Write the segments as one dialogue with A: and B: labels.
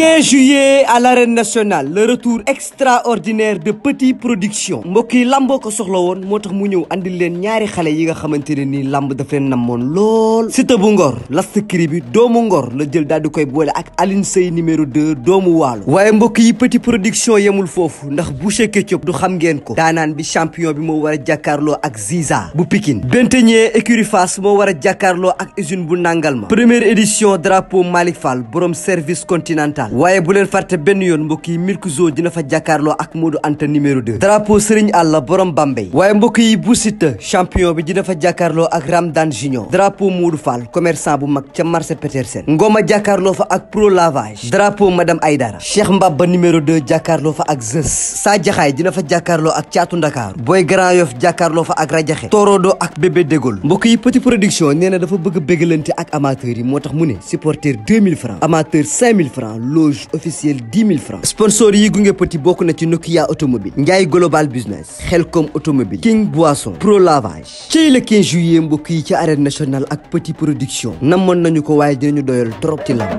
A: 15 juillet à l'arène nationale le retour extraordinaire de Petit Production mbokk yi lamboo ko soxla woon moo tax mu ñëw andil leen ñaari xale yi nga xamante ne nii lamb daf leen namoon lool Siteu bu Ngor lastakiri bi doomu Ngor la jël daal di koy boole ak alin Seye numéro 2 doomu Waalo waaye mbokk yi Petit Production yemul foofu ndax Boucher Ketchup du xam ngeen ko daanaan bi champion bi moo war a jàkkaarloo ak Ziza bu Pikine Benteñe écurie Fass moo war a jàkkaarloo ak usine bu Nangalma première édition drapeau Malick Fall borom service continental waaye bu leen fàtte benn yoon mbokk yi Milki Zone dina fa jàkkaarloo ak Modou Anta numéro 2 drapeau Serigne Alla borom Bambey waaye mbokk yi Bou Siteu champion bi dina fa jàkkaarloo ak Ramdan Junior drapeau Modou Fall commerçant bu mag ca marché Petersen Ngoma jàkkaarloo fa ak Pro Lavage drapeau madame Aydara Cheikh Mbaba numéro deux jàkkaarloo fa ak Zeus Sa Jaxaay dina fa jàkkaarloo ak Caatu Ndakaaru Boy Grand Yoff jàkkaarloo fa ak Rajaxe Torodo ak Bébé Dégol mbokk yi Production nee na dafa bëgg a bégalante moo tax mu ne supporter 2000 francs amateur 5000 francs loge officielle 10 000 francs sponsor yi gunge Petit bokk na ci Nokia automobile Ndiaye global business Xelcom automobile King Boisson Pro Lavage ci le 15 juillet mbokk yi ci arène nationale ak Petit production moon nañu ko waaye dinañu doyal trop ci lamb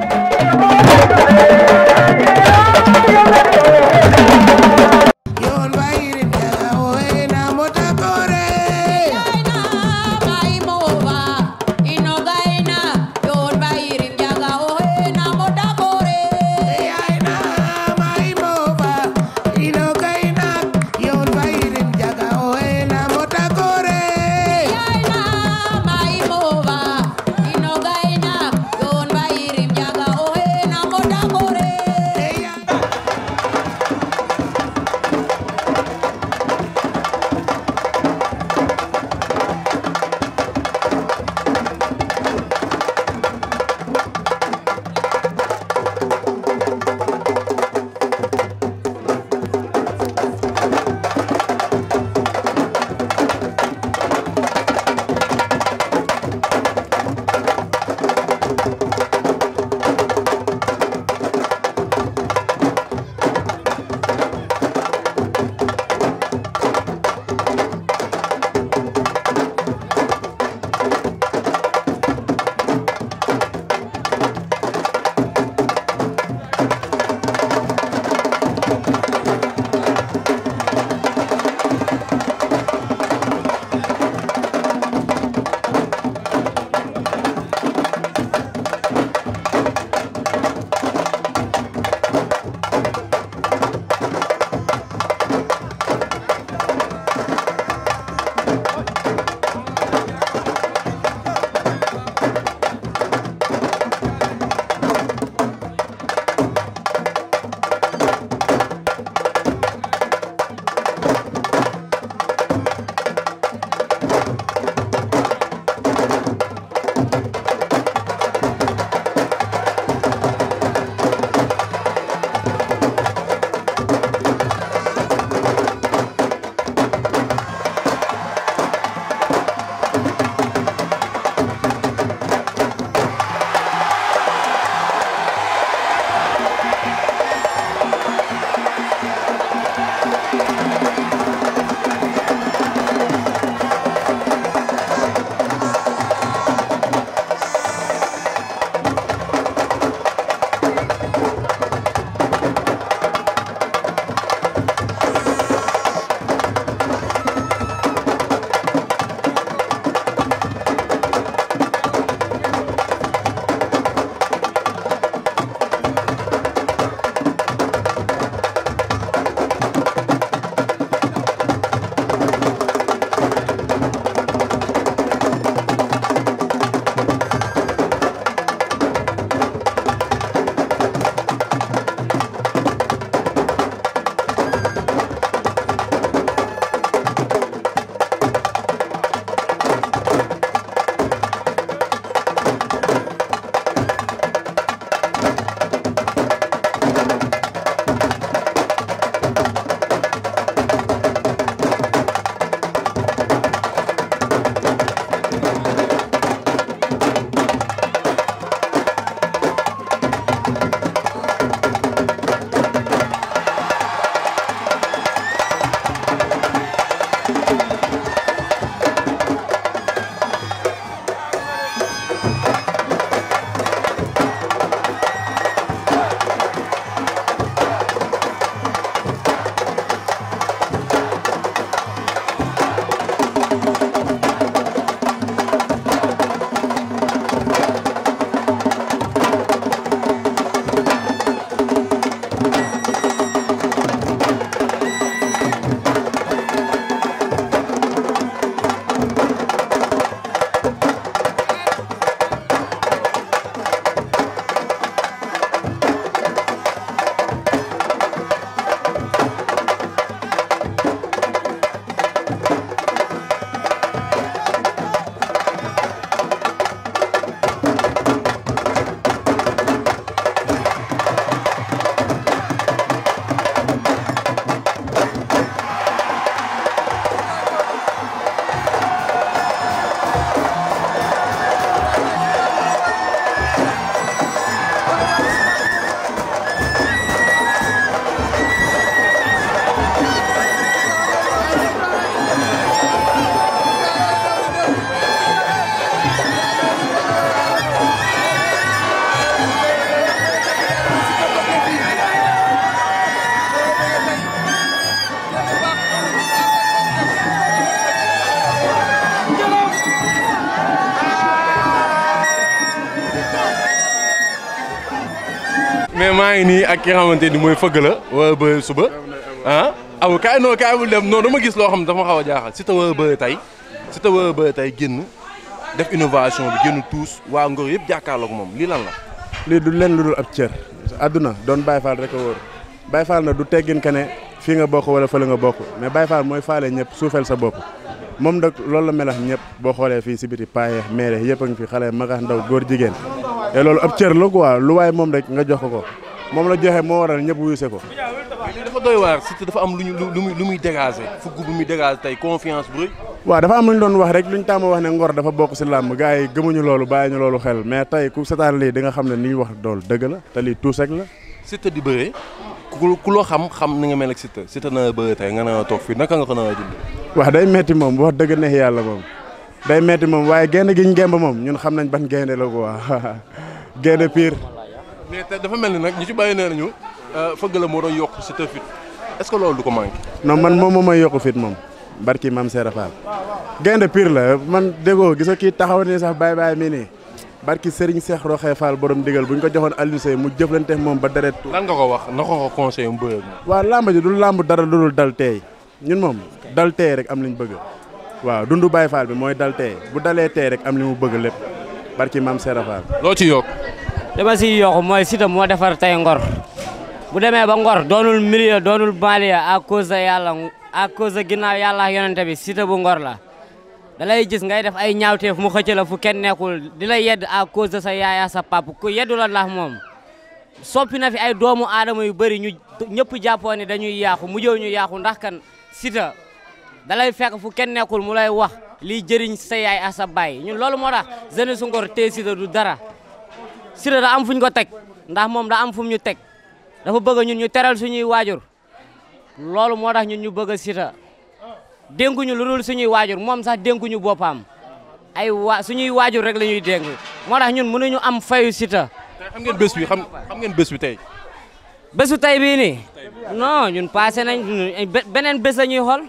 B: ngi nii ak ki xamante ni mooy fëgg la wala ba suba ah aw kaay noo kaay bu dem noonu dama gis loo xam ne dafa xaw a jaaxal si ta wala ba tey si ta ba tey génn def innovation bi génn tuus waa Ngor yëpp jàkkaarloog moom li lan la. lii
C: du leen lu dul ab cër. àdduna doon Baye Fall rek a wóor Baye na du teggin ka ne fii nga bokk wala fële nga bokk mais Baye Fall mooy faale ñëpp suufeel sa bopp moom nag loolu la melax ñëpp boo xoolee fii si biti paaye meere yëpp a fi xale magax ndaw góor jigéen te la moom rek nga jox ko moom la joxe moo war ñëpp wuyuse ko. mais
B: dafa dafa am lu ñu lu muy lu muy dégager fukk bu muy dégager tey confiance bu rëy. waaw
C: dafa am lu ñu doon wax rek lu ñu tàmm wax ne ngor dafa bokk si làmb gars yi gëmuñu loolu bàyyi ñu loolu xel mais tey ku setaan lii di nga xam ne ni ñu wax dool dëgg la te lii tuus rek la.
B: Siteu di bëree ku loo xam xam ni nga mel ak Siteu Siteu na bëree tey nga toog fii naka nga ko na dund.
C: wax day metti moom wax dëgg neex yàlla moom day metti moom waaye gaynde gi ñu gemb moom ñun xam nañ ban gaynde la quoi gaynde
B: mais te dafa mel ni nag ñu ci bàyyi nee nañu euh, fëgg la moo doon yokk si te fit est loolu du ko manqué.
C: non man moom moo may yokk fit moom barki maam Serap Fall gaynde pire la man déggoo gis nga kii taxaw ne sax bàyyi bàyyi mi nii barki Serigne seex Roxee Fall borom digal bu ñu ko joxoon Aliou mu jëflante moom ba deret
B: lan nga ko wax na ko ko conseillé mu bëre
C: waaw làmb ji du làmb dara lu dul dal teey ñun moom dal teey rek am li ñu bëgg waaw dundu Baye Fall bi mooy dal bu dalee teey rek am li mu bëgg lépp barki maam Serap Fall
D: loo ci yokk li ma siy mooy Siteu moo defar tey Ngor bu demee ba Ngor doonul milieu doonul banlieue à cause yàlla à cause de ginnaaw yàlla ak yonente bi Siteu bu Ngor la dalay lay gis ngay def ay ñaawteef mu xëcc la fu kenn nekkul di la yedd à cause sa yaaya sa pap ku yeddu ndax moom soppi na fi ay doomu aadama yu bëri ñu ñëpp jàppoo ne dañuy yaaxu mu jëw ñu yaaxu ndax kan Siteu dalay fekk fu kenn nekkul mu lay wax lii jëriñ sa yaay ak sa baay ñun loolu moo tax su Ngor tey si du dara Siteu daa am fu ñu ko teg ndax moom da am fu ñu teg dafa bëgg ñun ñu teral suñuy waajur loolu moo tax ñun ñu bëgg a Siteu dénkuñu lu dul suñuy waajur moom sax dénkuñu boppam ay waa suñuy waajur rek la ñuy dénk moo tax ñun mënuñu am fayu Siteu. tey xam ngeen bés bi xam ngeen bés bi tey. bésu tey bii nii non ñun passé nañ beneen bés la ñuy xool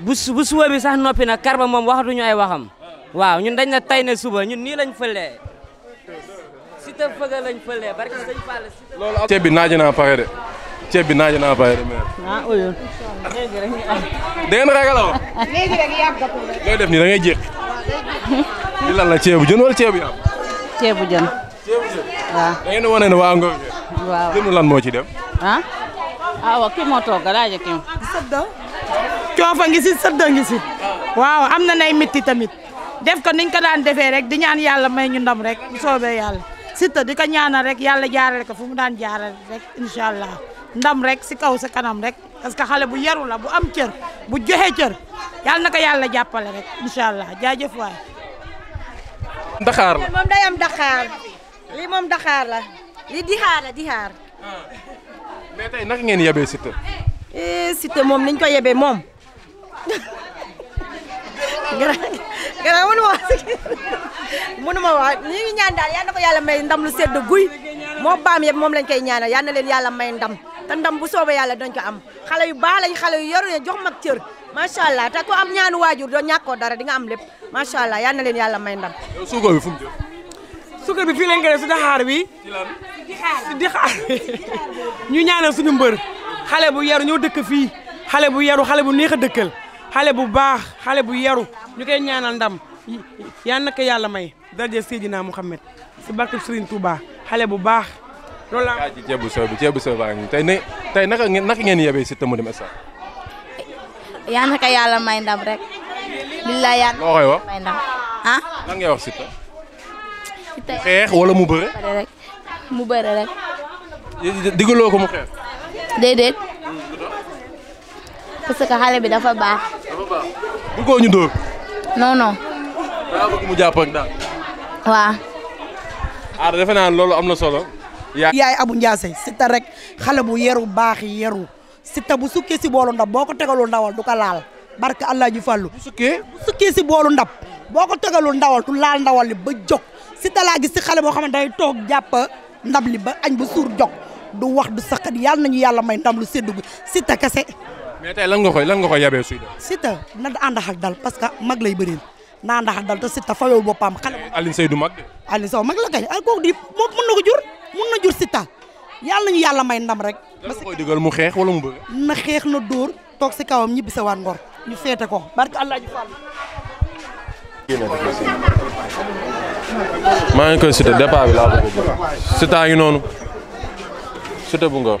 D: bu bu suba bi sax noppi na Karba moom waxatuñu ay waxam waaw ñun dañ na suba ñun nii lañ Siteu fëgg lañ ceeb bi naaj
B: naa pare de ceeb bi naaj naa pare de mais.
D: ah ooyul léegi rek ñu def nii da ngay jékki.
B: lan la ceebu jën wala ceebu yàpp.
D: ceebu jën. ceebu jën waaw. waa Ngor ngeen. waaw
B: jënd lan moo ci dem.
D: ah waaw kii coofa ngi si sëdd waaw am na nay métti tamit. def ko niñ ko daan defee rek di ñaan yàlla may ñu rek bu soobee yàlla. Siteu di ko ñaanal rek yàlla jaarale ko fu mu daan jaarale rek incha allah ndam rek si kaw sa kanam rek parce que xale bu yaru la bu am cër bu joxe cër yàlla na ko yàlla jàppale rek incha allah jaajëf waay. Daxaar moom day am daxaar
A: lii moom la lii dixaar la dixaar. Ah. mais tey naka ngeen yebee Siteu. Eh, Siteu moom niñ ko yebee moom. gannaaw mënu ma wax mënu ma wax ñu ngi ñaan daal yal na yàlla may ndam lu sedd guy moo baam yëpp moom lañ koy ñaanal yal na leen yàlla may ndam te bu soobee yàlla dañ ko am xale yu baax lañ xale yu yor ne jox mag cër macha allah te am ñaanu waajur doo ñàkkoo dara di nga am lépp macha allah yal na leen yàlla may ndam. yow suukar bi fu mu jëm.
D: suukar bi fii lañ koy def si daxaar bi. si
A: dixaar bi ñu ñaanal suñu mbër xale bu yaru ñoo dëkk fii xale bu yaru xale bu neex a dëkkal xale bu baax xale bu yaru ñu koy ñaanal ndam yal na yàlla may daraja Seydina Mouhamed si barke Serigne Touba xale bu baax
B: loolu laa. yaa ngi ci ceebu soow bi ceebu soow baa ngi tey ne tey naka ngeen naka ngeen yebee si tëmb dem instant.
C: yal na ko yàlla may ndam rek. billaay
B: yàlla loo koy wax
C: may ndam ah.
B: lan ngay wax si te. mu xeex wala mu bëre. mu bëre rek. digaloo ko mu xeex.
C: déedéet. parce que xale bi dafa baax.
B: bu ko ñu dóor. non non. daa bëgg mu jàpp ak daal. waaw. ah defe naa loolu am na solo.
A: yaay Abou Ndiassé Siteu rek xale bu yeru baax yi yeru sita bu sukkee si boolu ndab boo ko tegalul ndawal du ko laal barke allah ji fàllu. bu sukkee bu sukkee si boolu ndab boo ko tegalul ndawal laal ndawal li ba jóg Siteu laa gis si xale boo xam ne toog jàpp ndab li ba añ ba suur jog du wax du saqat yàlla nañu yàlla may ndam lu séddu gi kese.
B: mais tey lan nga koy lan nga koy yabee suy def.
A: Siteu na ànd ak dal parce que mag lay bëreel na ànd ak dal te Siteu fayoo boppam xale.
B: Alioune Seye du mag de.
A: Alioune mag la kay ak ah, kooku di moom na ko yàlla nañu yàlla may ndam rek. parce
B: que koy mu xeex wala mu bëgg.
A: na xeex toog si kawam ñibbi sa waat ngor ñu seete ko barke allah ji fàll.
B: maa ngi koy Siteu départ bi laa bëgg Siteu a ngi noonu Siteu bu Ngor.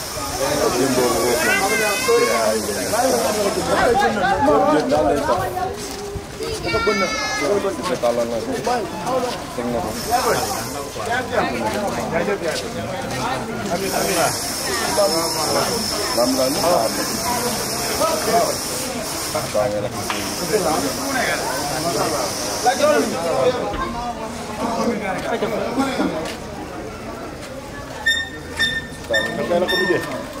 B: jimbo Thank
D: you. tey la ko mujjee.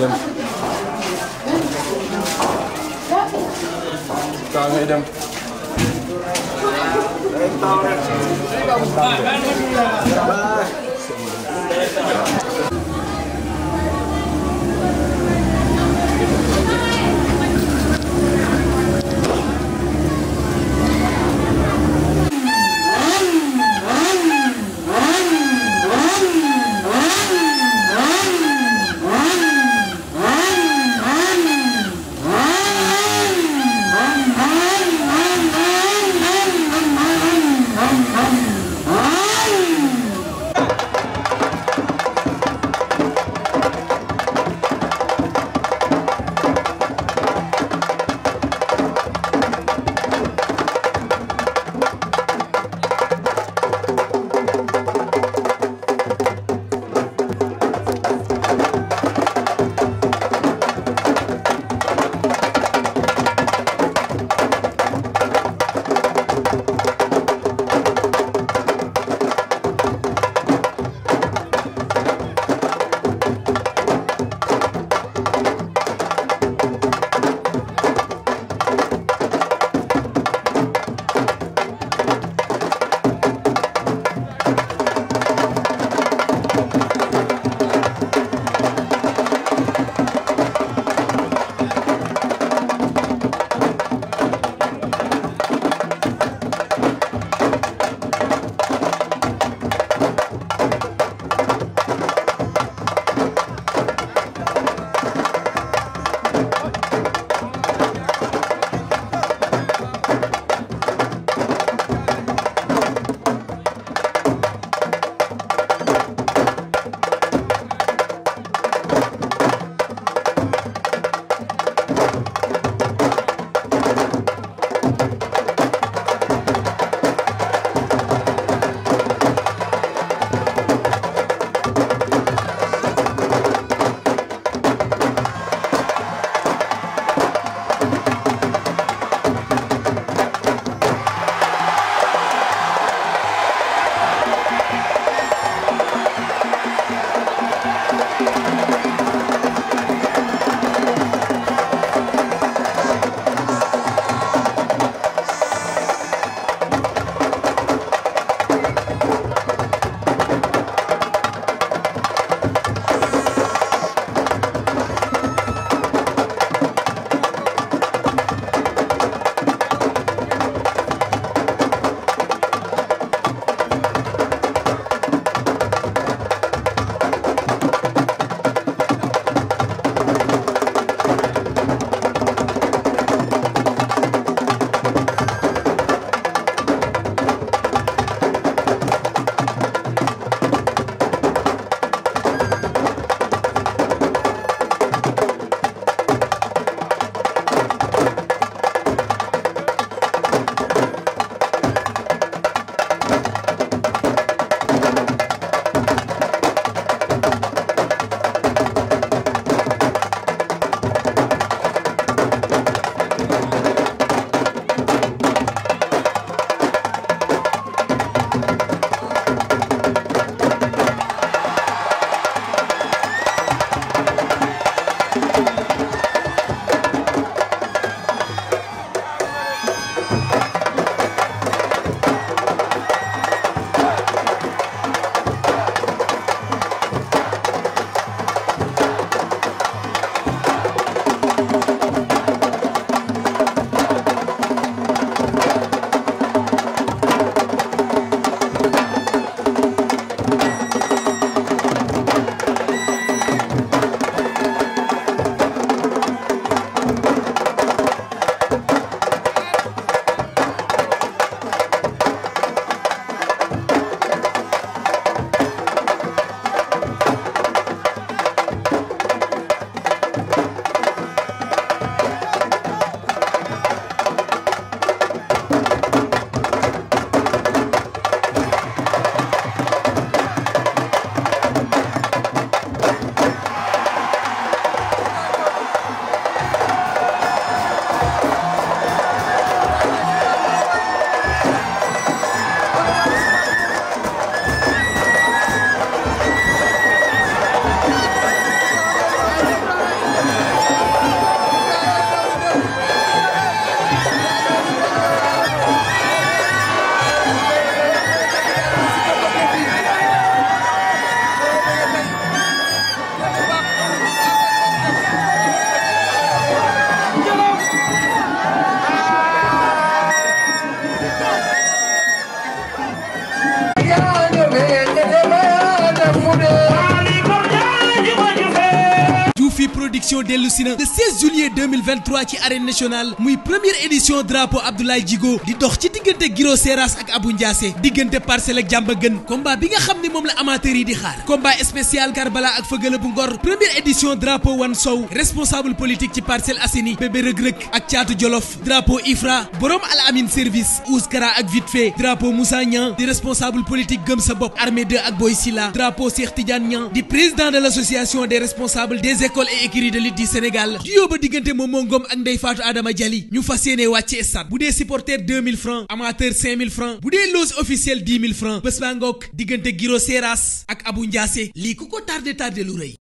B: dem taa ngay dem Thank you.
A: production dellu si na le 16 juillet 2023 ci arène nationale muy première édition drapeau Abdoulaye Djigo di dox ci diggante Giro Seras ak Abou Ndiassé diggante parcelle ak jàmba gën combat bi nga xam ne moom la amateur yi di xaar combat spécial Karbala ak Fëgala bu Ngor première édition drapeau Wan Sow responsable politique ci Parcelles Assainies bébé rëg-rëg ak caatu Jolof drapeau Ifra borom Al Amin service Ouskara ak vite fait drapeau Moussa Niang di responsable politique sa bopp armée 2 ak Boy Silla drapeau écurie de lutte du Sénégal di yóbba diggante Momo ak Ndeye Fatou Adama Dialy ñu fas yéene wàcc stade bu dee supporter 2000 francs amateur 5000 francs bu dee loge officielle 10 francs bés baa ngoog diggante Giro Seras ak Abou Ndiassé lii ku ko tardé tardé lu rëy